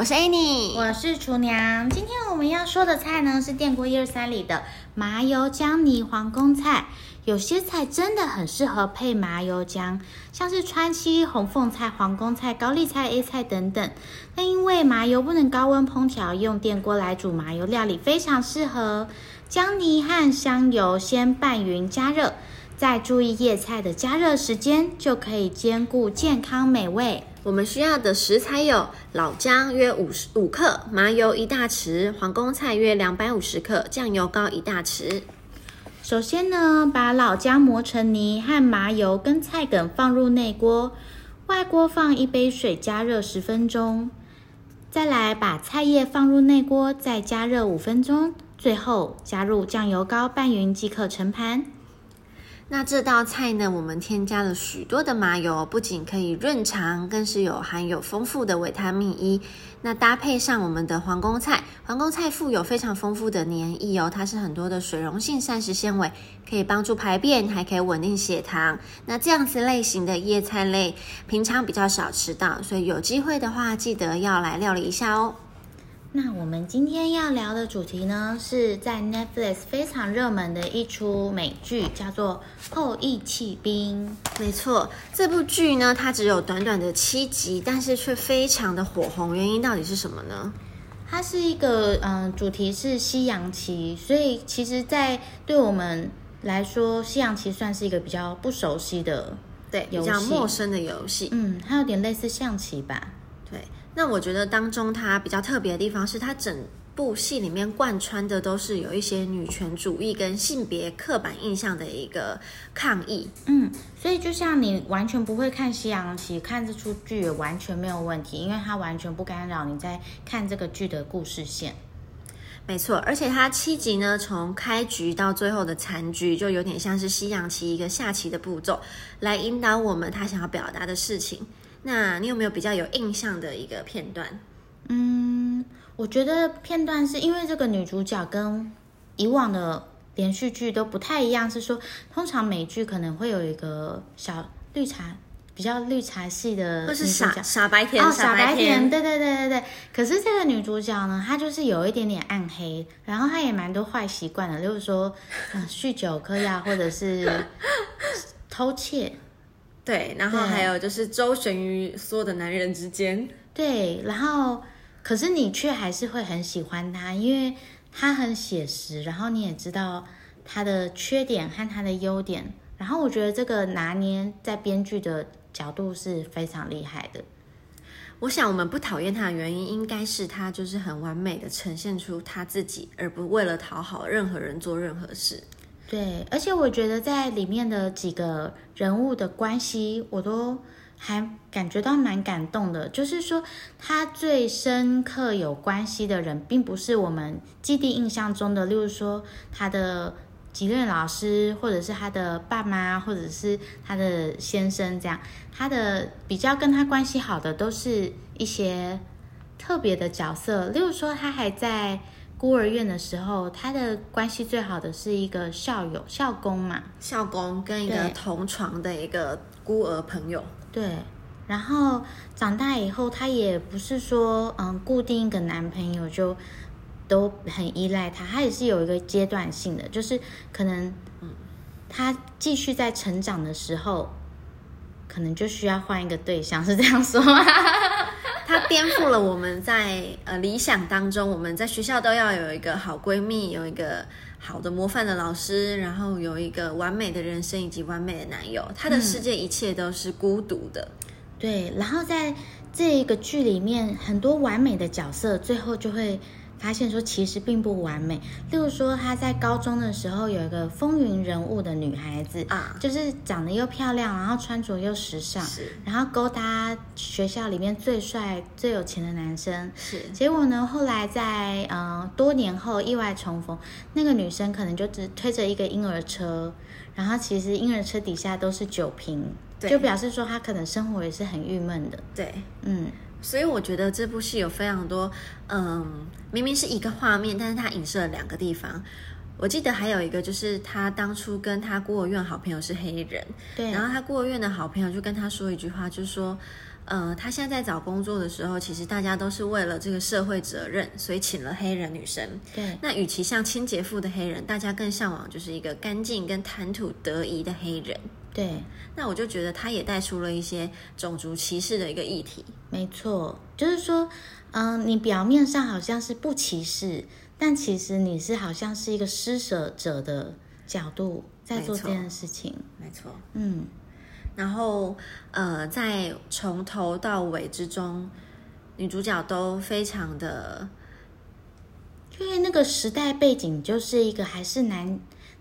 我是 Annie，我是廚娘。今天我們要說的菜呢，是電鍋一二三裡的麻油薑泥皇宮菜。有些菜真的很適合配麻油薑，像是川七紅鳳菜、皇宮菜、高麗菜、A 菜等等。那因為麻油不能高溫烹調，用電鍋來煮麻油料理非常適合。薑泥和香油先拌勻加熱，再注意葉菜的加熱時間，就可以兼顧健康美味。我們需要的食材有老薑約五十五克、麻油一大匙、皇宮菜約兩百五十克、醬油膏一大匙。首先呢，把老薑磨成泥，和麻油跟菜梗放入內鍋，外鍋放一杯水加熱十分鐘。再來把菜葉放入內鍋，再加熱五分鐘。最後加入醬油膏拌勻即可盛盤。那這道菜呢，我們添加了許多的麻油，不僅可以潤腸，更是有含有豐富的維他命 E。那搭配上我們的皇宮菜，皇宮菜富有非常豐富的粘液油哦，它是很多的水溶性膳食纖維，可以幫助排便，還可以穩定血糖。那這樣子類型的葉菜類，平常比較少吃到，所以有機會的話，記得要來料理一下哦。那我們今天要聊的主題呢，是在 Netflix 非常熱門的一出美劇，叫做《後翼棄兵》。沒錯，這部劇呢，它只有短短的七集，但是卻非常的火紅，原因到底是什麼呢？它是一個嗯，主題是西洋棋，所以其實，在對我們來說，西洋棋算是一個比較不熟悉的，對，遊戲，比較陌生的遊戲。嗯，它有點類似象棋吧。那我覺得當中它比較特別的地方是，它整部戲裡面貫穿的都是有一些女權主義跟性別刻板印象的一個抗議。嗯，所以就像你完全不會看西洋棋，看這出劇也完全沒有問題，因為它完全不干擾你在看這個劇的故事線。沒錯，而且它七集呢，從開局到最後的殘局，就有點像是西洋棋一個下棋的步驟，來引導我們他想要表達的事情。那你有沒有比較有印象的一個片段？嗯，我覺得片段是因為這個女主角跟以往的連續劇都不太一樣，是說通常美劇可能會有一個小綠茶，比較綠茶系的，或是傻傻白甜哦，傻白甜，對對對對對。可是這個女主角呢，她就是有一點點暗黑，然後她也蠻多壞習慣的，就是說嗯、酗酒嗑藥、啊，或者是偷竊。對，然後還有就是周旋於所有的男人之間。對，然後可是你卻還是會很喜歡他，因為他很寫實，然後你也知道他的缺點和他的優點。然後我覺得這個拿捏在編劇的角度是非常厲害的。我想我們不討厭他的原因，應該是他就是很完美的呈現出他自己，而不為了討好任何人做任何事。對，而且我覺得在裡面的幾個人物的關係，我都還感覺到蠻感動的。就是說，他最深刻有關係的人，並不是我們既定印象中的，例如說他的幾任老師，或者是他的爸媽，或者是他的先生這樣。他的比較跟他關係好的，都是一些特別的角色，例如說他還在。孤兒院的時候，他的關係最好的是一個校友、校工嘛，校工跟一個同床的一個孤兒朋友。對，對，然後長大以後，她也不是說嗯，固定一個男朋友就都很依賴他，她也是有一個階段性的，就是可能，她繼續在成長的時候，可能就需要換一個對象，是這樣說嗎？ 她 顛覆了我們在呃理想當中，我們在學校都要有一個好閨蜜，有一個好的模範的老師，然後有一個完美的人生以及完美的男友。她的世界一切都是孤獨的，嗯、對。然後在這一個劇裡面，很多完美的角色最後就會。發現說其實並不完美，例如說他在高中的時候有一個風雲人物的女孩子啊，uh, 就是長得又漂亮，然後穿着又時尚，然後勾搭學校裡面最帥最有錢的男生。是。結果呢，後來在嗯、呃、多年後意外重逢，那個女生可能就只推着一個嬰兒車，然後其實嬰兒車底下都是酒瓶，就表示說她可能生活也是很鬱悶的。對，嗯。所以我覺得這部戲有非常多，嗯，明明是一個畫面，但是它影射了兩個地方。我記得還有一個就是他當初跟他孤兒院好朋友是黑人，對、啊，然後他孤兒院的好朋友就跟他說一句話，就說，呃、嗯，他現在在找工作的時候，其實大家都是為了這個社會責任，所以請了黑人女生。對，那與其像清潔婦的黑人，大家更向往就是一個乾淨跟談吐得宜的黑人。對，那我就覺得他也帶出了一些種族歧視的一個議題。沒錯，就是說，嗯、呃，你表面上好像是不歧視，但其實你是好像是一個施捨者的角度在做這件事情。沒錯，嗯，然後呃，在從頭到尾之中，女主角都非常的，因為那個時代背景就是一個還是男。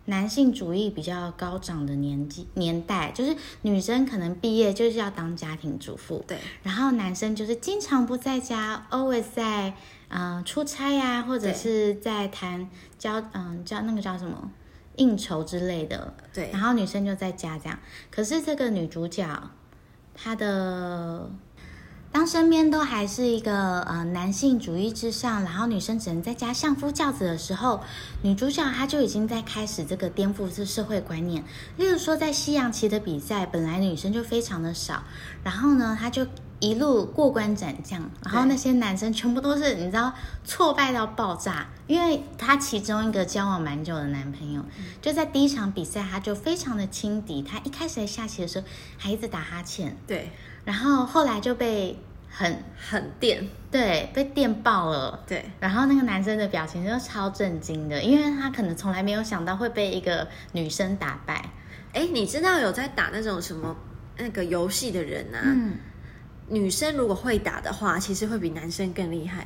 男性主義比較高漲的年紀年代，就是女生可能畢業就是要當家庭主婦，對，然後男生就是經常不在家，always 在呃出差呀、啊，或者是在談交嗯、呃、交那個叫什麼應酬之類的，對，然後女生就在家這樣。可是這個女主角，她的。當身邊都還是一個呃男性主義至上，然後女生只能在家相夫教子的時候，女主角她就已經在開始這個顛覆式社會觀念。例如說，在西洋棋的比賽，本來女生就非常的少，然後呢，她就。一路過關斬將，然後那些男生全部都是你知道挫敗到爆炸，因為他其中一個交往蠻久的男朋友，就在第一場比賽他就非常的輕敵，他一開始下棋的時候還一直打哈欠，對，然後後來就被很很電，對，被電爆了，對，然後那個男生的表情就超震驚的，因為他可能從來沒有想到會被一個女生打敗。誒，你知道有在打那種什麼那個遊戲的人啊，嗯女生如果會打的話，其實會比男生更厲害誒。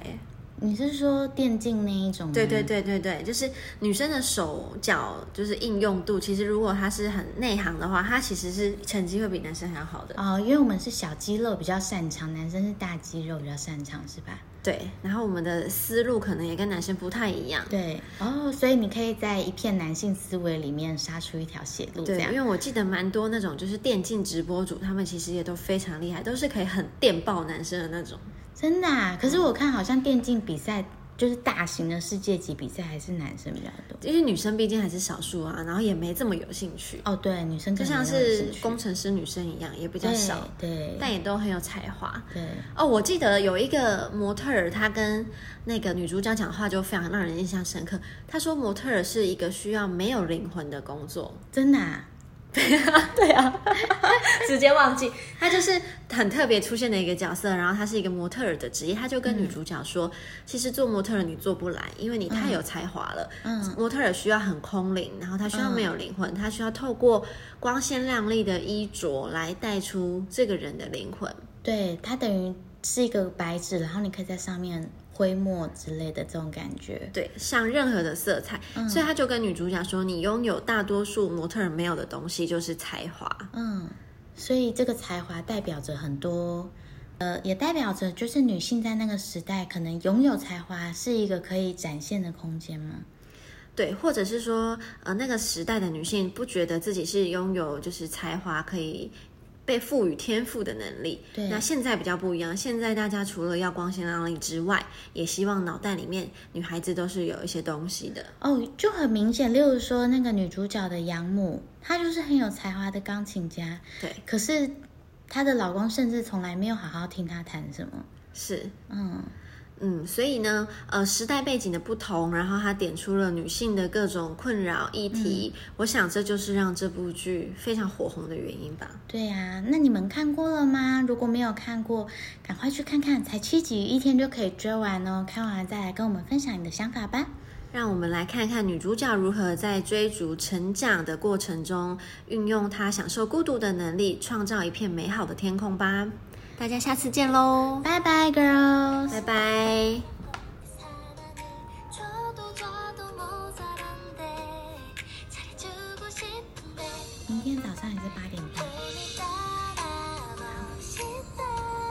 你是說電競那一種？對對對對對，就是女生的手腳就是應用度，其實如果她是很內行的話，她其實是成績會比男生還要好的。哦，因為我們是小肌肉比較擅長，男生是大肌肉比較擅長，是吧？對，然後我們的思路可能也跟男生不太一樣。對，哦，所以你可以在一片男性思維裡面殺出一條血路，這樣。對，因為我記得蠻多那種就是電競直播主，他們其實也都非常厲害，都是可以很電爆男生的那種。真的啊，可是我看好像電競比賽。就是大型的世界級比賽，還是男生比較多，因為女生畢竟還是少數啊，然後也沒這麼有興趣哦。對，女生就，就像是工程師女生一樣，也比較少。對，對。但也都很有才華。對哦，我記得有一個模特兒，他跟那個女主角講話就非常讓人印象深刻。他說模特兒是一個需要沒有靈魂的工作。真的啊？ 對啊，對啊，直接忘記他就是。很特別出現的一個角色，然後他是一個模特兒的職業，他就跟女主角說，嗯：“其實做模特兒你做不來，因為你太有才華了，嗯嗯。模特兒需要很空靈，然後他需要沒有靈魂，嗯，他需要透過光鮮亮麗的衣着來帶出這個人的靈魂。對，他等於是一個白紙，然後你可以在上面揮墨之類的這種感覺。對，像任何的色彩，嗯。所以他就跟女主角說：你擁有大多數模特兒沒有的東西，就是才華。嗯。”所以這個才華代表着很多，呃，也代表着就是女性在那個時代可能擁有才華是一個可以展現的空間嗎？對，或者是說，呃，那個時代的女性不覺得自己是擁有就是才華可以。被賦予天賦的能力，對啊。那現在比較不一樣，現在大家除了要光鮮亮麗之外，也希望腦袋裡面女孩子都是有一些東西的哦。就很明顯，例如說那個女主角的養母，她就是很有才華的鋼琴家，對。可是她的老公甚至從來沒有好好聽她彈什麼，是，嗯。嗯，所以呢，呃，時代背景的不同，然後他點出了女性的各種困擾議題，嗯，我想這就是讓這部劇非常火紅的原因吧。對呀，啊，那你們看過了嗎？如果沒有看過，趕快去看看，才七集，一天就可以追完哦。看完再來跟我們分享你的想法吧。讓我們來看看女主角如何在追逐成長的過程中，運用她享受孤獨的能力，創造一片美好的天空吧。大家下次見嘍，拜拜，girl 拜拜。明天早上還是八點半。